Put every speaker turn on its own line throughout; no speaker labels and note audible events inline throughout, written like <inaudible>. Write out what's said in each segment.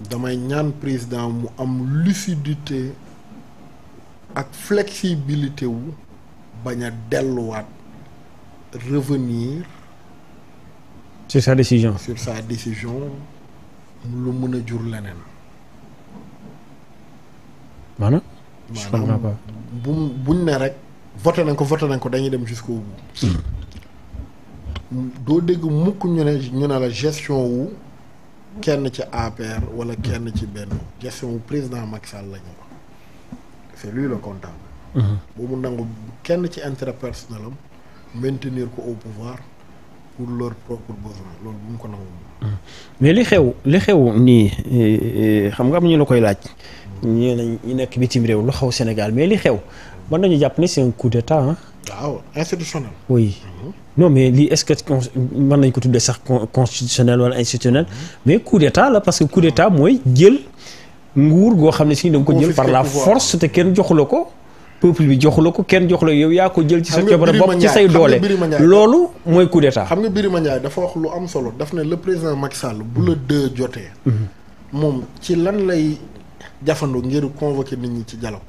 damay ñaan président mu am lucidité ak flexibilité wu bañ a delluwaat revenir.
sur sa décision
sur sa décision lu mën a jur leneen.
maanaam. je comprends
bu buñ ne rek. voté nañ ko voté nañ ko dañuy dem jusqu'au bout. Hmm. doo dégg mukk ñu ne ñu ne la gestion wu. kenn ci APR wala kenn ci benn gestion président Macky Sall la ñu wax c'est lui le comptable. Mhm. bu mu nangu kenn ci intérêt personnel am maintenir ko au pouvoir pour leurs propres besoins loolu bu mu ko nangu. Mhm.
mais li xew li xew nii eh, eh, xam nga am ñu la koy laaj. ñu ne ñu nekk bitim réew lu xaw Sénégal mais li xew. mën nañu jàpp ne c'est un coup d'état ah.
waaw institutionnel.
Mhm. mais lii est-ce que mën nañ ko tuddee sax constitutionnel wala institutionnel mhm. mais coup d'état la parce que coup d'état mhm. mooy jël nguur goo xam ne si da nga ko jël par la force te kenn joxu la ko. peuple bi joxu la ko kenn joxu la yow yaa ko jël. ci sa coobara bopp ci say doole loolu
mooy coup d'état. xam nga Birima Ndiaye dafa wax lu am solo daf ne le président Macky Sall bu la deux jotee. moom ci lan lay jafando ngir convoquer nit ñi ci dialogue.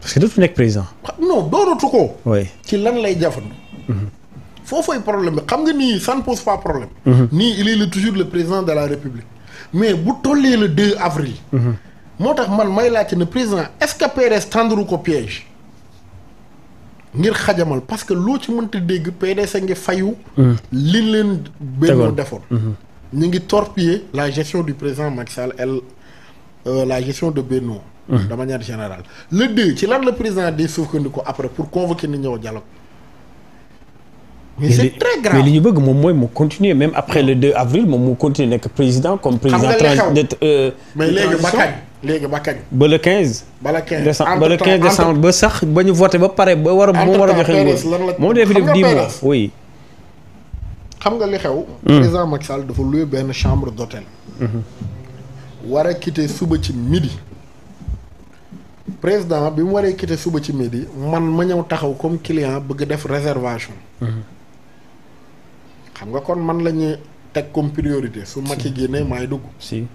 parce que dootu nekk président.
Ah, non doonatu ko. ci lan lay jafandu. Mhm. foofooy problème bi xam nga nii ça ne pose pas problème. Mhm. nii il est toujours le président de la république. mais bu tollee le 2 avril. Mhm. moo tax man may laajte ne président est-ce que PDS tendre ko piège. ngir xajamal parce que loo ci mënta dégg PDS a ngi fayu. li leen benn defoon. ñu ngi torpiller la gestion du président Macky Sall et euh, la gestion de Benno. de manière générale le deux ci lan la président di sukkandiku après pour convoquer ni ñëw dialogue
mais c'est très mais li ñu bëgg moom mooy mu continuer même après le 2 avril moom mu continuer nekk président comme président. xam nga euh, mais léegi ba ba le 15.
ba le 15 décembre ba le 15
ba sax bañu ñu voté ba pare ba war a ba war a joxe nguur moom def def 10 mois oui.
xam nga li xew. Hmm. président Macky Sall dafa loué benn chambre d'hôtel. Hmm. war a quitter suba ci midi. président bi mu waree quitté suba ci midi man ma ñëw taxaw comme client bëgg def réservation. Mhm. xam nga kon man la ñuy teg comme priorité su ma ci génnee maay dugg. si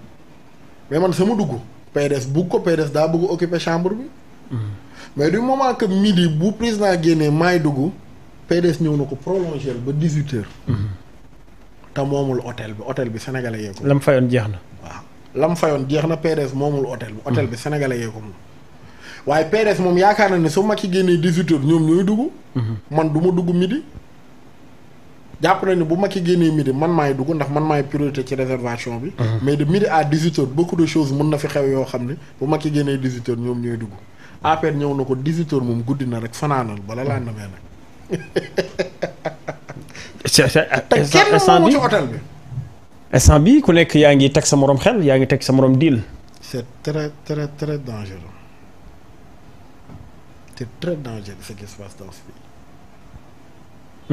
mais man sama dugg. PDS bugg ko PDS daa bëgg occuper chambre bi. Mhm. mais du moment que midi bu président génnee maay dugg PDS ñëw na ko prolongé ba dix mhm. te moomul hôtel bi hôtel bi sénégalais yee ko. lam
jeex na. waaw
lam fayoon jeex na PDS moomul hôtel bi. hôtel bi sénégalais yee waaye PDS moom yaakaar na ne su Macky génnee 18 ñoom ñooy dugg. man du ma dugg midi. jàpp na ne bu Macky génnee midi man maay dugg ndax man maay priorité ci réservation bi. Mhm. mais de midi à 18h beaucoup de choses mën na fi xew yoo xam ne bu Macky génnee 18h ñoom ñooy dugg. APR ñëw na ko 18 moom guddi na rek fanaanal bala laa mhm. namee nag. <laughs>
te kenn moomu ci hôtel bi. instant bi ku nekk yaa ngi teg sa morom xel yaa ngi teg sa morom diil.
c'est très très très dangereux. C'est très dangereux ce qui se passe dans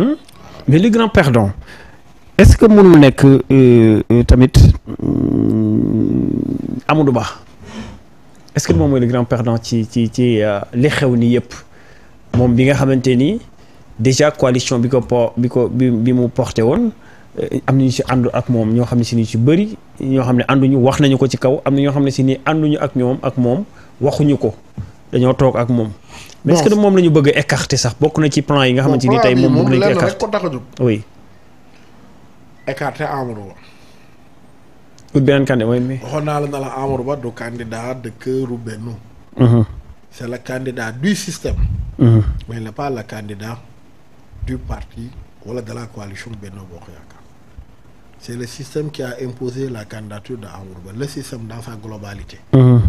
hmm? Mais les grands perdants, est-ce que mënul nekk euh, euh, tamit hmm, Amadou Ba est-ce que moom mooy le grand perdant ci ci ci euh, li xew nii yëpp moom bi nga xamante ni déjà coalition bi ko po bi ko bi bi mu porté woon am na ñu si ànd ak moom ñoo xam ne si ni si bëri ñoo xam ne ànduñu wax nañu ko ci kaw am na ñoo xam ne si ni ànduñu ak ñoom ak moom waxuñu ko dañoo toog ak moom. mais moom la ñu bëgg a sax bokk na ci plan yi nga xamante ni tey moom moom la ñu écarter ko tax a jóg oui. écarter Ba. mooy mi.
waxoon naa la na la Amadou Ba du candidat de cœur Benno. Mhm. c'est le candidat du système. Mhm. mais il n'est pas le candidat du parti wala de la coalition Benno Bokk Yaakaar. c'est le système qui a imposé la candidature de Amadou Ba le système dans sa globalité. Mhm.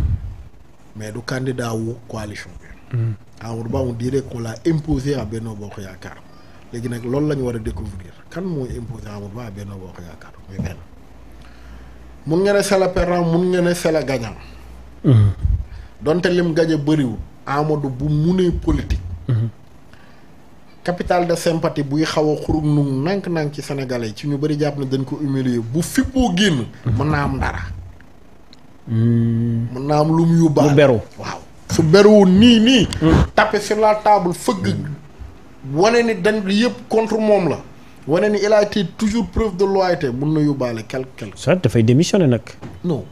mais du candidat wu coalition bi. Hmm. Amadou ah, Ba on dirait qu'on l'a imposé à Benno Bokk Yaakaar léegi nag loolu lañu war a découvrir kan mooy imposé Amadou Ba à Benno Bokk Yaakaar muy benn. mun nga ne c'est le perdant mun nga ne c'est le gagnant. Hmm. donte lim gañe bëriwul. Amadou bu munee politique. Hmm. capital de sympathie buy xaw a xurug nu nànk-nànk ci Sénégalais ci ñu bëri jàpp ne dañ ko humilier bu fippoo génn. mën naa am dara. na am lu mu yóbbaale. mu beru waaw su beruwul nii nii. tapé sur la table fëgg. wane ni dañ yëpp contre moom la. wane ni il a été toujours preuve de loyauté mun na yóbbaale quelque quelque.
ça dafay démissionné nag.
non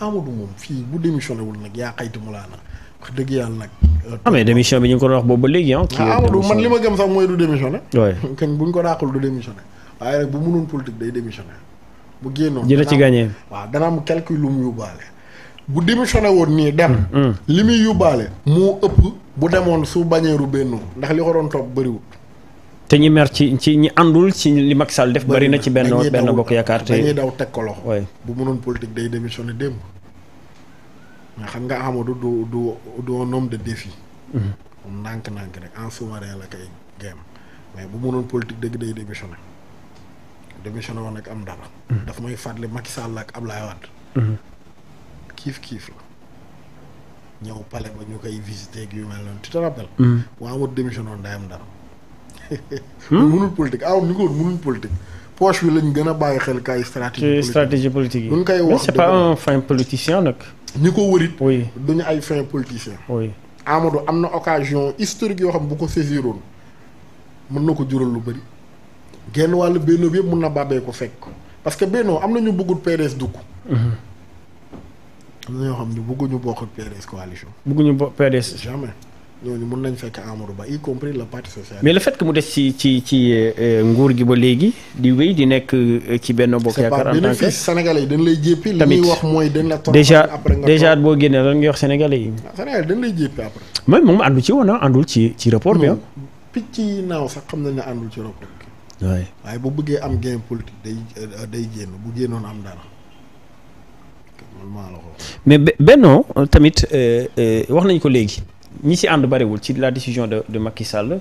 Amadou moom fii bu démissionné wul nag yaa xayti mu laa nag wax dëgg yàlla nag. Euh,
ah mais démission bi ñu ko doon wax boobu ba léegi ah, ah. Amadou man li ma
gëm sax mooy du démissionné. waay <laughs> kañ bu ñu ko dàqul du démissionné waaye nag bu mënoon politique day démissionné. bu génnoon dina bu démissionné woon nii dem. Mm. Mm. li muy yóbbaale moo ëpp bu demoon su bañeeru bennoo ndax li ko doon topp bëriwul.
te ñi mer ci ci ñi àndul ci li Macky Sall def. bëri na ci benn benn bokk yaakaar te dañuy
daw teg ko loxo. bu mënoon politique day démissionné démb. mais nga Amadou du du de défi. moom mm-hmm. ndànk-ndànk en sous-marin mais bu mënoon politique dëgg day démissionné. woon ak am dara. Mm-hmm. daf may fàttali Macky Sall ak Ablaye Wade. Mm-hmm. kiif kiif la ñëw pale ba ñu koy visité ak yu mel noonu tu te rappelles. bu mm. amut démission woon day am dara. Hmm? <laughs> mënul ko ah, lañ gën a bàyyi xel kay stratégie. stratégie politique yi. duñ koy wax c'est pas nag. ñi ko wërit. oui duñu ay fin politicien. oui Amadou am na occasion historique yoo xam bu ko saisiroon mën na ko jural lu bëri. genn wàll Benno yëpp mun na bàbbee ko fekk parce que Benno am na ñu bëggul PDS dugg. Mm-hmm. am na xam ne bëgguñu bokk ak PDS coalition. bëgguñu bokk PDS. jamais fekk Amadou Ba y compris le parti social. mais le
fait mu des ci ci euh, euh, nguur gi ba léegi di wéy di nekk euh, ci benn bokk yaakaar. en tant que Sénégalais
yi dañ lay jéppi. li ñuy wax mooy dañ la. déjà
boo génnee lan ngay wax Sénégalais yi.
Ah, lay jéppi après.
man moom àndu ci woon ah, àndul ci ci rapport bi ah.
picc yi naaw sax xam na ne àndul ci rapport bi. waaye bu bëggee am gain politique day day génn bu génnoon am dara.
mais Benno euh, tamit euh, euh, wax nañ ko léegi ñi si ànd bariwul ci la décision de de Macky Sall.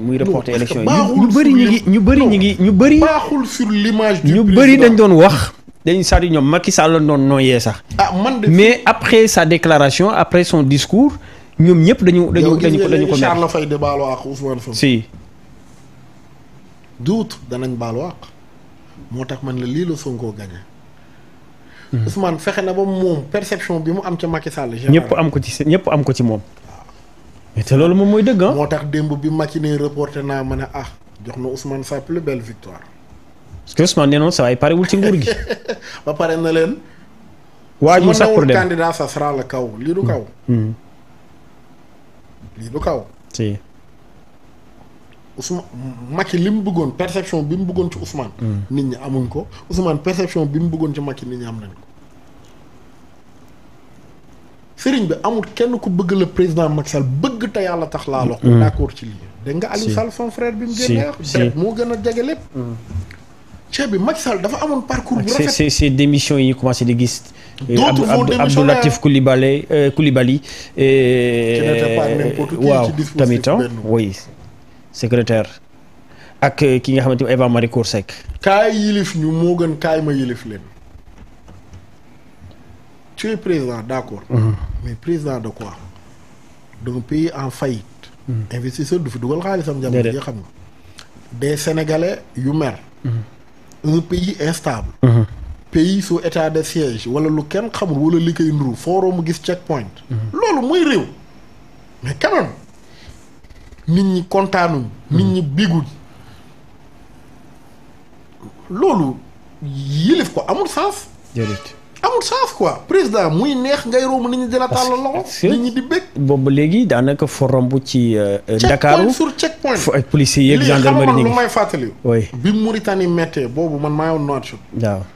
muy reporter élection yi
ñu bëri ñu ngi ñu bëri ñu ngi ñu bëri. baaxul sur l'image
du ñu bëri dañ doon wax. dañuy sàrdi ñoom Macky Sall la doon sax. ah man de mais après sa déclaration après son discours ñoom ñëpp dañu dañu dañu ko dañu ko. Charles
Faye de baalu àq Ousmane Sonko. si. danañ baalu àq tax man la lii la Sonko Mm-hmm. Ousmane fexe na ba moom perception bi mu am ca Macky Sall. ñëpp
am ko ci ñëpp am
ko ci moom. mais te loolu moom mooy dëgg ah. moo tax démb bi maci ne reporté naa ma ne ah jox na Ousmane sa plus belle victoire.
parce que Ousmane nee na sax ay parewul ci nguur gi.
<laughs> ba pare na leen.
waajul sax pour dem candidat
ça kaw lii du kaw. Mm-hmm. Mm-hmm. lii du kaw. si. Ousmane Macky li mu bëggoon perception bi mu bëggoon ci Ousmane. Mm. nit ñi amuñ ko Ousmane perception bi mu bëggoon ci Macky nit ñi am nañ ko. sëriñ bi amul kenn ku bëgg la président Macky Sall bëgg te yàlla tax laa lox mm. d'accord ci lii. dégg nga Aliou Sall son bi mu génnee wax. si moo gën a jege mm. bi Macky dafa amoon parcours bu rafet. c'est
c'est démission yi commencé di gis. Euh, d'autres vont démissionner Abdou Latif Coulibaly Coulibaly. Euh, euh, ci waaw tamit secrétaire
ak eh, ki nga xamante ni Eva Marie Coll Seck. kaay yilif ñu moo gën kaay ma yilif leen. tu es président d'accord. Mhm. mais président de quoi. d'un pays en faillite. Mhm. investisseur du fi dugal xaalisam. déedéet jamono ji xam nga. des yu mer. Mhm. un pays instable. Mmh. pays sous état de siège wala lu kenn xamul wala li koy nduru forum gis checkpoint. loolu mooy réew. mais quand nit ñi kontaanuñ nit ñi biguñ loolu yilif ko amul sens amul sens quoi président muy neex ngay romb nit ñi di la tàllal loxo nit ñi
di bëgg boobu léegi daanaka fo romb ci euh, Dakaaru sur check point fu ay policiers yeeg gendarmerie ñu ngi lu may fàttali oui
bi Mauritanie méttee boobu man maa woon noot
waaw